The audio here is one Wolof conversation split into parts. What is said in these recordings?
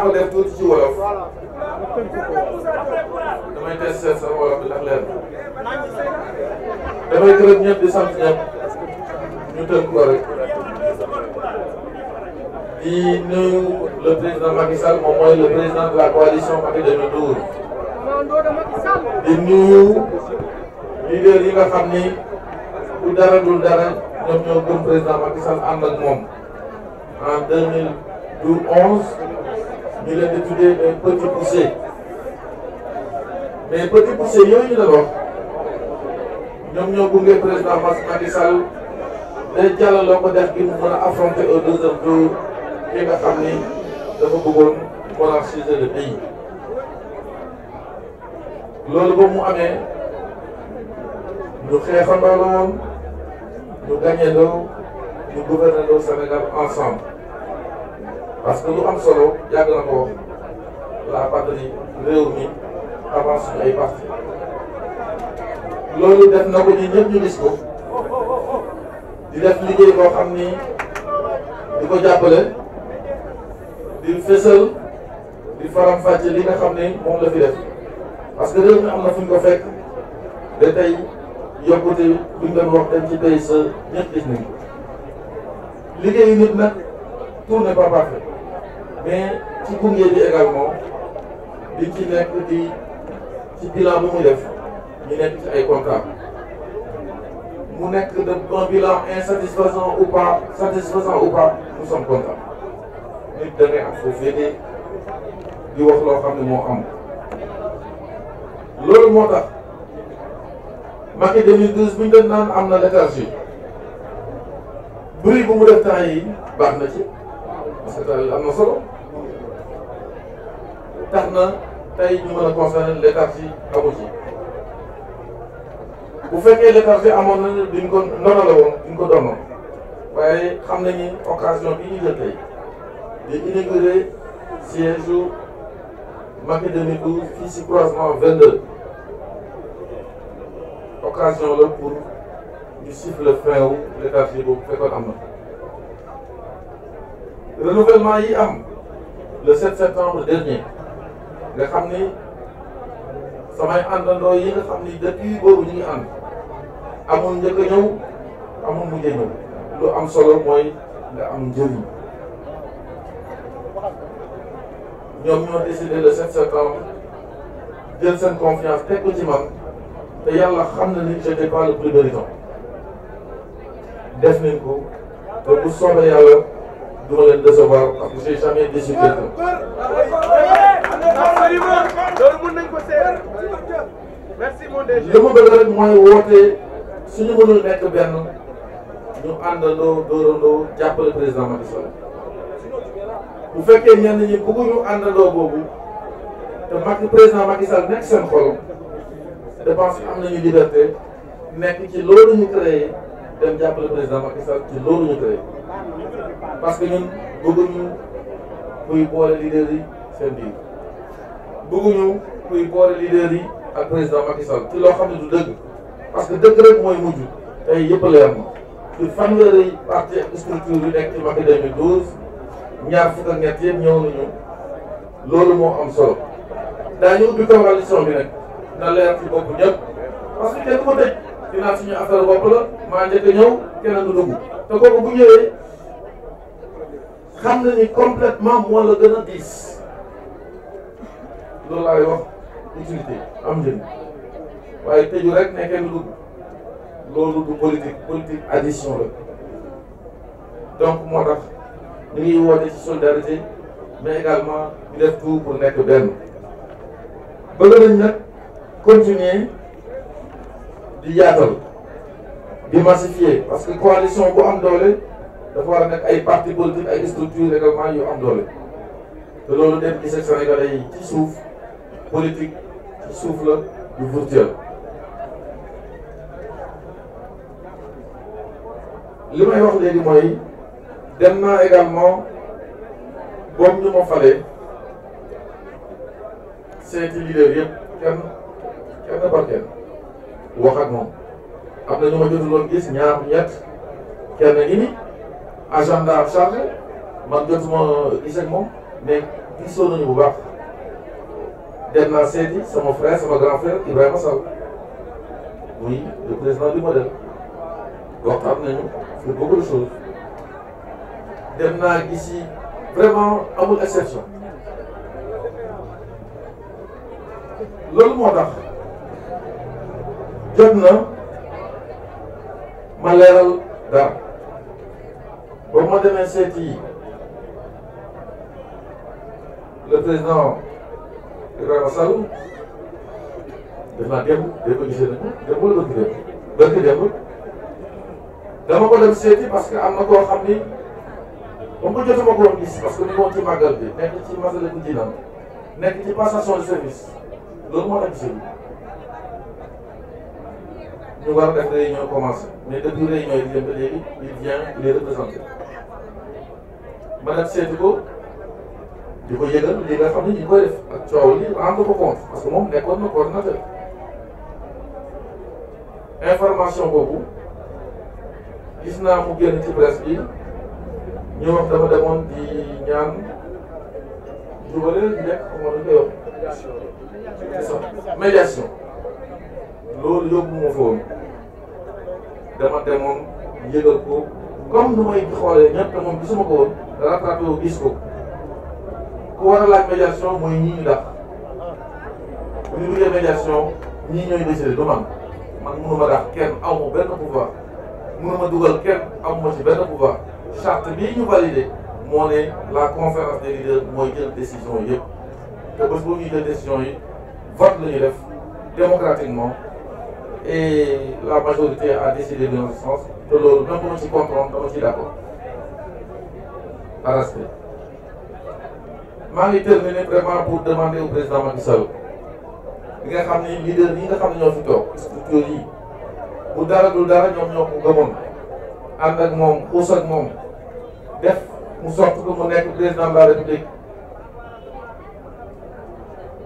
ko def tuuti ci wolof damay test seet sa wolof bi ndax leer damay gërëm ñëpp di sant ñëpp ñu tënk ko rek di nuyu le président Macky Sall moom mooy le président de la coalition Macky 2012 di nuyu leader yi nga xam ni bu dara dul dara ñoom ñoo gëm président Macky Sall ànd ak moom ñu leen di tuddee euh, ay petits poussés mais petits poussés yooyu ñu la wax ñoom ñoo gunge président Macky Sall day jàllaloo ko def gi mu mën a affronter au deuxième tour ki nga loolu ba mu amee ñu xeexandoo la woon ñu gañeendoo ñu gouvernendoo Sénégal ensemble parce que lu am solo yàgg na ko wax la patrie réew mi avant suñu ay parti loolu def na ko ñi ñëpp ñu gis ko di def liggéey koo xam ni di ko jàppale di fësal di faram li nga xam ni moom la fi def parce que réew mi am na fu ñu ko fekk de tey yokkute buñ doon wax dem ci tey sa ñëpp gis liggéeyu nit nag tout n'est pas mais ci gunge bi également di ci nekk di ci bilan bu muy def ñu nekk ci ay contrat mu nekk de un bilan insatisfaisant ou pas satisfaisant ou pas nous sommes contents nit da ngay am foo féete di wax loo xam ne moo am loolu moo tax Macky 2012 bu ñu doon naan am na léthargie bruit bu mu def temps yi baax na ci parce que tamit am na solo tax na tey ñu mën a concerner léthargie amu ci bu fekkee léthargie amoon nañu di ko nooro la woon duñ ko donno waaye xam na ñi bi ñu jël tey di inaugurer siège u Macky 2012 fii si croisement 22 occasion la pour ñu siffler fin wu léthargie boobu fekkoon am na renouvellement yi am le 7 septembre dernier nga xam ni samay àndandoo yi nga xam ni depuis boobu ñu ngi ànd amul njëkk ñëw amul mujj ñëw lu am solo mooy nga am njëriñ ñoom ñoo décidé le 7 septembre jël seen confiance teg ko te yàlla xam na ni j'étais pas le plus méritant def nañ ko ba bu soobee yàlla du ma leen décevoir parce que j'ai jamais déçu quelqu'un loolu mën nañ ko merci mon DG. li ma bëgg rek mooy woote suñu mënul nekk benn ñu àndandoo dóorandoo jàppale président Macky bu fekkee ñenn ñi bëgguñu àndandoo boobu te Macky président Macky Sall nekk seen xol je pense que am nañu liberté nekk ci loolu ñu créé dem jàppale président Macky ci loolu ñu créé parce que ñun bëgguñu kuy boole leader yi seen biir. bëgguñu kuy boole leader yi ak président Macky Sall ci loo xam ne du dëgg parce que dëgg rek mooy mujj tey yëpp la yem ci fanweeri parti structure yu nekk ci Macky 2012 ñaar fukk ak ñett yëpp ñëw loolu moo am solo daañu ubbi coalition bi nag na leer ci bopp ñëpp parce que kenn ko tëj dinaa suñu affaire bopp la maa njëkk a ñëw keneen du dugg te kooku bu xam na ni complètement gën a diis. loolu laay wax utilité am njëriñ waaye tëju rek ne kenn dugg loolu du politique politique addition la donc moo tax ñu ngi woote ci solidarité mais également di def tout pour nekk benn bëgg nañ nag continuer di yaatal di massifier parce que coalition bu am doole dafa war a nekk ay parti politique ay structure également yu am doole te loolu dem ci section sénégalais yi ci suuf politique ci suuf la du virtuel li may wax léegi mooy dem naa également boobu ñu ma falee seeti leader yëpp kenn kenn par kenn wax ak moom am na ñu ma jotuloon gis ñaar ñett kenn ngi ni agenda am chargé man jotuma gis ak moom mais gisoo nañu bu baax dem naa seeti sama frère sama grand frère Ibrahima Sall oui le président du modèle waxtaan nañu sur beaucoup de choses dem naa gis yi vraiment amul exception loolu moo tax jot na ma leeral dara ba ma demee seeti le président. Ibrahima Sall def naa démb démb gisee nañu démb la bëgg démb bëgg démb dama ko dem seeti parce que am na koo xam ni moom ko jotuma ko woon gis parce que ni moom ci màggal bi nekk ci masale bu jinam nekk ci passation de service loolu moo tax gisee ñu war def réunion commencé mais depuis réunion yi di dem ba léegi il vient il est représenté ma dem seeti ko di ko li nga xam ne ñu ngi koy def ak coow li rendre ko compte parce que moom nekkoon na coordinateur information boobu gis naa mu génn ci presse bi ñu wax dafa demoon di ñaan jubale nekk moo dañ koy wax médiation loolu yóbbu ma fa woon dama demoon yëgal ko comme nu may xoolee ñëpp te moom gisuma ko woon rattrapé gis ko ku war a laaj médiation mooy ñii ñu dàq bu ñu buggee médiation ñii ñooy décider du man man mënu ma dàq kenn amu benn pouvoir mënu ma dugal kenn amu ma ci benn pouvoir charte bii ñu validé moo ne la conférence des leaders mooy jël décision yëpp te bés bu ñuy jël décision yi vote la ñuy def démocratiquement et la majorité a décidé de notre sens te loolu même bu ma ci comprendre dama ci d'accord par respect maa ngi terminer vraiment pour demander au président Macky Sall bi nga xam ni leader yi nga xam ne ñoo fi toog structure yi bu dara dul dara ñoom ñoo ko gëmoon ànd ak moom xuus ak moom def mu sorte que mu nekk président de la république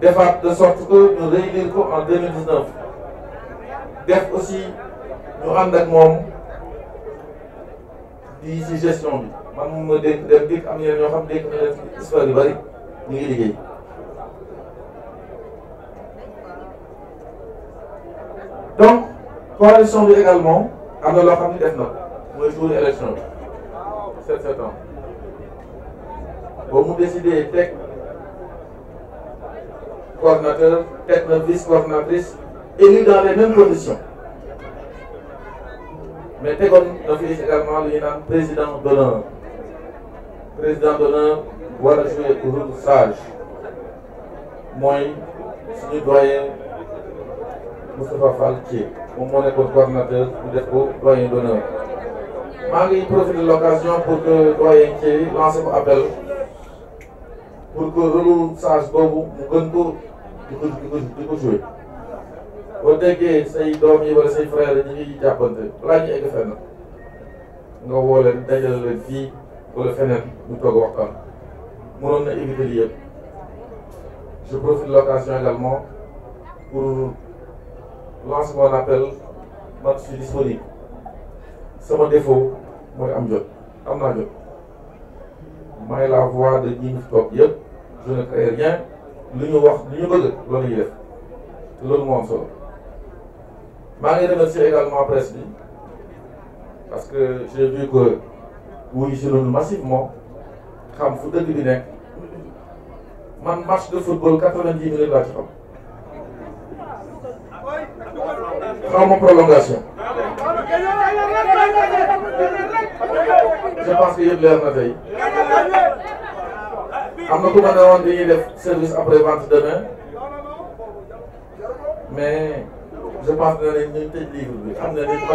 defaat de sorte que ñu réélire ko en 2019 def aussi ñu ànd ak moom di si gestion bi man ma dégg dem dikk am na ñoo xam dégg na leen histoire yu bari ñu ngi liggéey. donc coalition bi également am na loo xam ne def na mooy jour élection bi 7 septembre ba mu décidé teg coordonnateur teg na vice coordonnatrice élu dans les mêmes conditions mais tegoon président d'honneur président d'honneur war a jouer un rôle sage mooy suñu doyen Moustapha Fall moom moo nekkoon coordonnateur ñu def ko doyen d'honneur maa ngi profité de l'occasion pour que doyen Thié lancé ko appel pour que rôle sage boobu mu gën ko di ko di ko di ko joué say doom yi wala say frères yi ñu ngi jàppante balaa ñu egg fenn nga woo leen dajale leen fii. wala feneen bu toog waxtaan mënoon na éviter lii yëpp je profite de l'occasion également pour lancer mon appel man je suis disponible sama défaut am jot am naa jot may la voix de ñi ñu fi toog yëpp je ne crée rien lu ñu wax lu ñu bëgg loolu ñuy def loolu moo am solo maa ngi remercier également presse bi parce que j'ai wuyu si loolu massivement xam fu dëgg bi nekk man match de football quatre-vingt-dix minutes laa ci xam je pense que yëpp leer tey am na ku ma ne woon def service après vente demain mais je pense que danañ ñu tëj livre bi xam na ni ba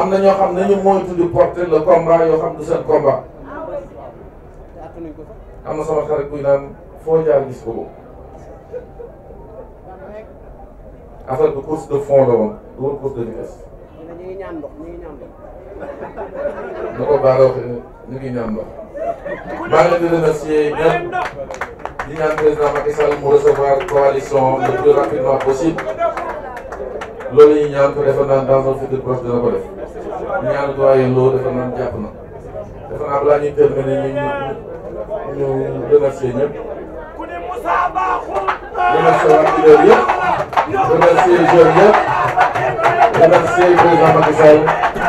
am na ñoo xam ne ñu moytu di porter le combat yoo xam du seen combat am na sama xarit buy naan foo jaar gis ko affaire bi course de fond la woon du woon course de vitesse. ko Ba waxee ñu ngi ñaan ndox. maa ngi leen di remercier ñëpp di ñaan président Macky Sall mu recevoir coalition le plus rapidement possible. loolu yi ñaan ko defe naan dans un futur proche dina ko def ñaan doyen loolu defe naan jàpp na defe naa balaa ñuy terminer ñu ñu ñu remercier ñëpp remercier waa Kidal yëpp remercier jeunes yëpp remercier président Macky Sall